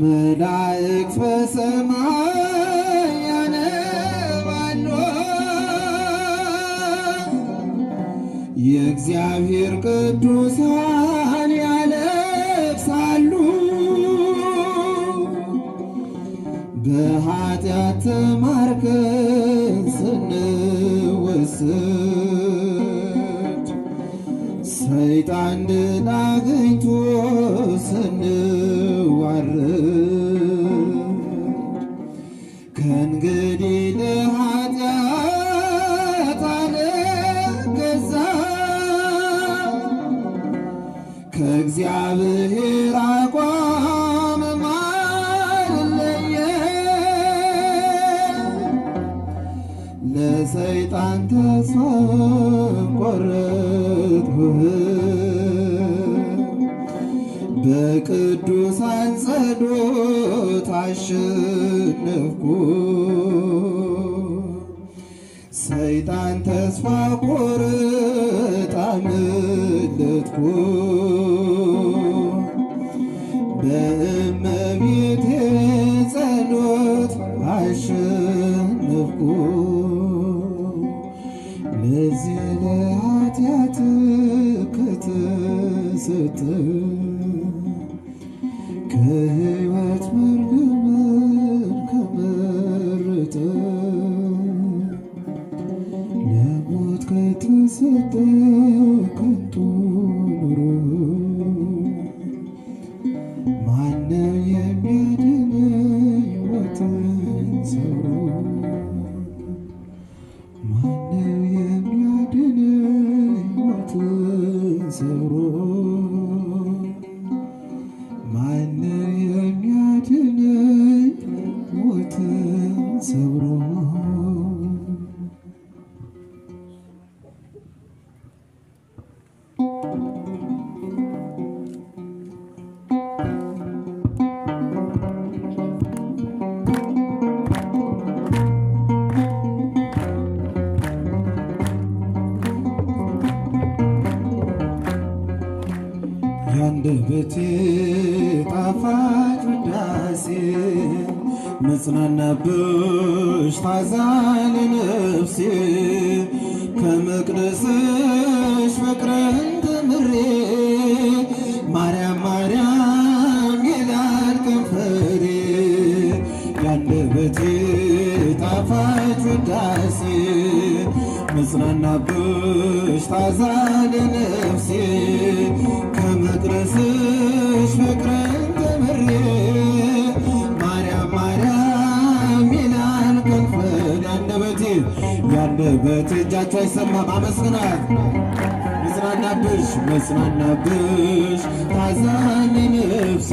መላእክት በሰማይ ያነባሉ የእግዚአብሔር ቅዱሳን ሰይጣን ድናግ ሰይጣን ተስፋ ቆረጥኩህ በቅዱሳን ጸሎት አሸነፍኩ ሰይጣን ተስፋ ቆርጥ አመለጥኩ በእመቤቴ ጸሎት አሸነፍኩ Thank ነፍሴ ከመቅደስሽ ፍቅርህን ተምሬ ማርያም ማርያም ይላል ከንፈሬ ያንደበቴ ጣፋጭ ውዳሴ መጽናናብሽ ታዛለ ነፍሴ ጉልበት እጃችሁ አይሰማም። አመስግናት መጽናናብሽ መጽናናብሽ ታዛኝ ነፍሴ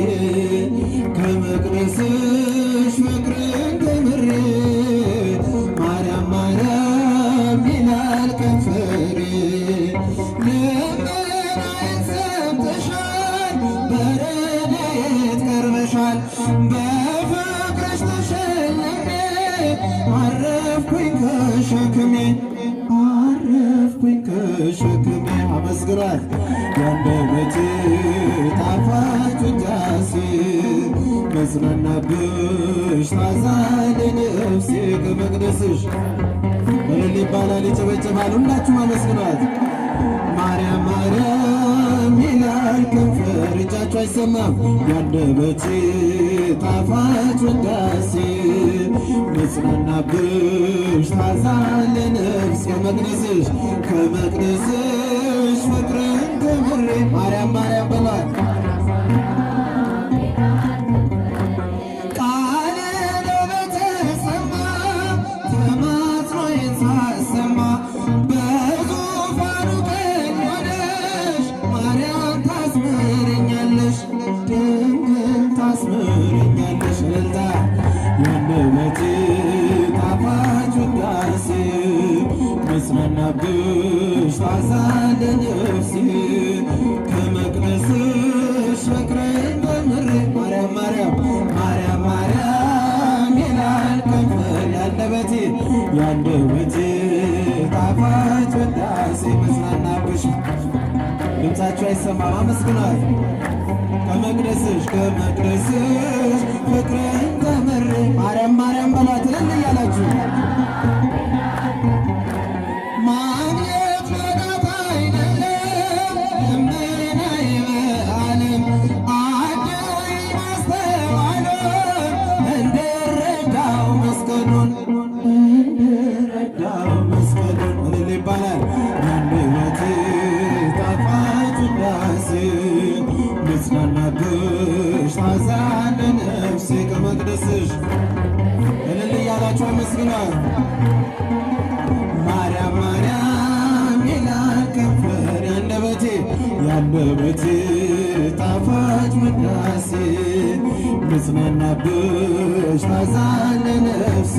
ከመቅደስሽ ፍቅርን ተምሬ ገንደበት ጣፋጭ ውዳሴ ነፍሴ ከመቅደስሽ እልል ይባላል ይጨበጨባል። ሁላችሁ አመስግኗት። ማርያም ማርያም ይላል ከንፈር እጃችሁ አይሰማም። ያንደበቴ ጣፋጭ ውዳሴ መጽናናብሽ ታዛለ ነፍስ ከመቅደስሽ ከመቅደስሽ Maré amarela አለውት ጣፋጭ ወዳሴ መጽናናብሽ ድምፃቸው አይሰማም አመስግናል ከመቅደስሽ ከመቅደስሽ ፍቅርን ተምሬ ማርያም ማርያም በሏት እልል እያላችሁ እንዳናብሽ ታዛለ ነፍሴ ከመቅደስሽ እልል እያላችሁ አመስግና ማርያም ማርያም ይላል ከንፈር ያንደበቴ ያንደበቴ ጣፋጭ ውዳሴ ብጽናናብሽ ታዛለ ነፍሴ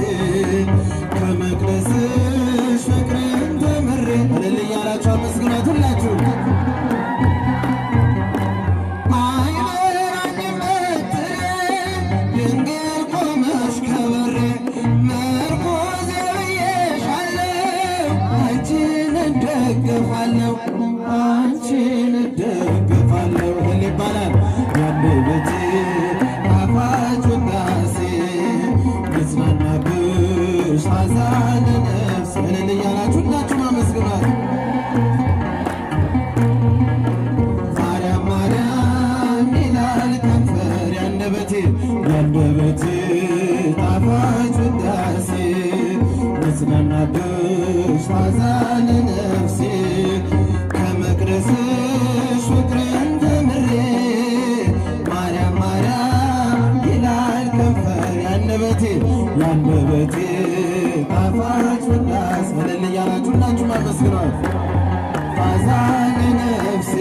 አጽናናብሽ ማዛነ ነፍሴ ከመቅደስሽ ፍቅርን ተምሬ ማርያም ማርያም ይላል ከንፈር ያንበቴ ያንበበቴ ጣፋጭ ውዳስ እልል እያላችሁ እናችሁ ማመስግኗል ማዛነ ነፍሴ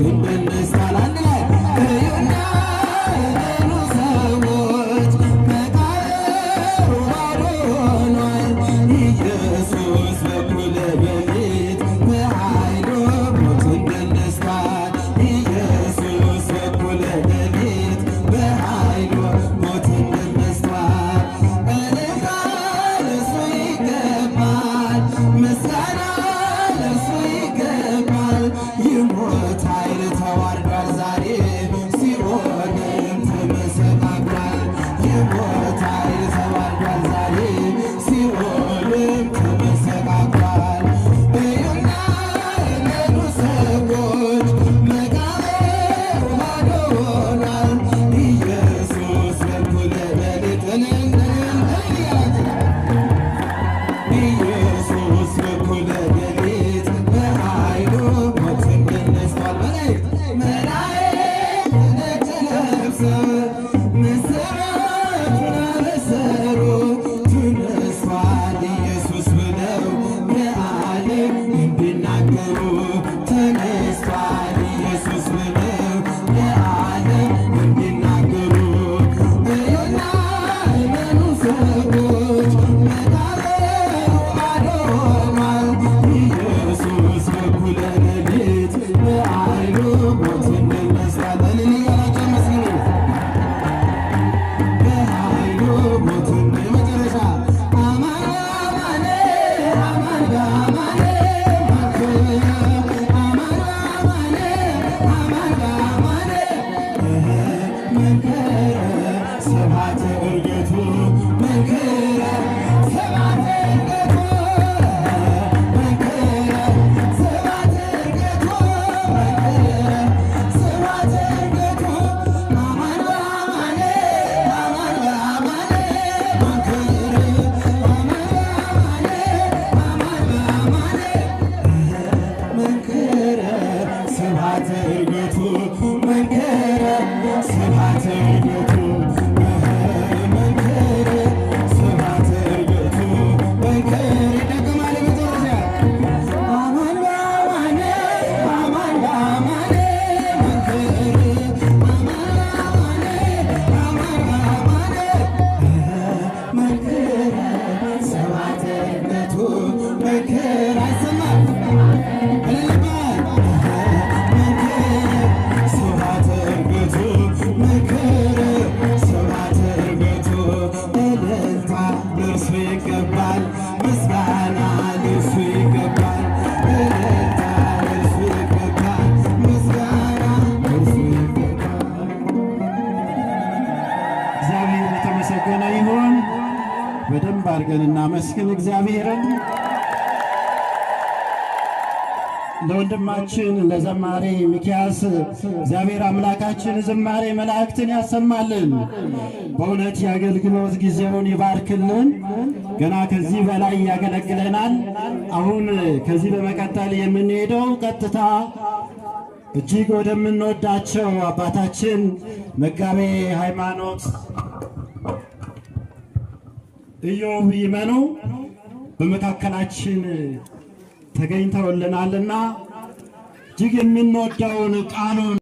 Amen. you የተመሰገነ ይሁን። በደንብ አድርገን እናመስግን እግዚአብሔርን። ለወንድማችን ለዘማሬ ሚኪያስ እግዚአብሔር አምላካችን ዝማሬ መላእክትን ያሰማልን። በእውነት የአገልግሎት ጊዜውን ይባርክልን። ገና ከዚህ በላይ ያገለግለናል። አሁን ከዚህ በመቀጠል የምንሄደው ቀጥታ እጅግ ወደምንወዳቸው አባታችን መጋቤ ሃይማኖት ኢዮብ ይመኑ በመካከላችን ተገኝተውልናልና እጅግ የምንወደውን ቃሉን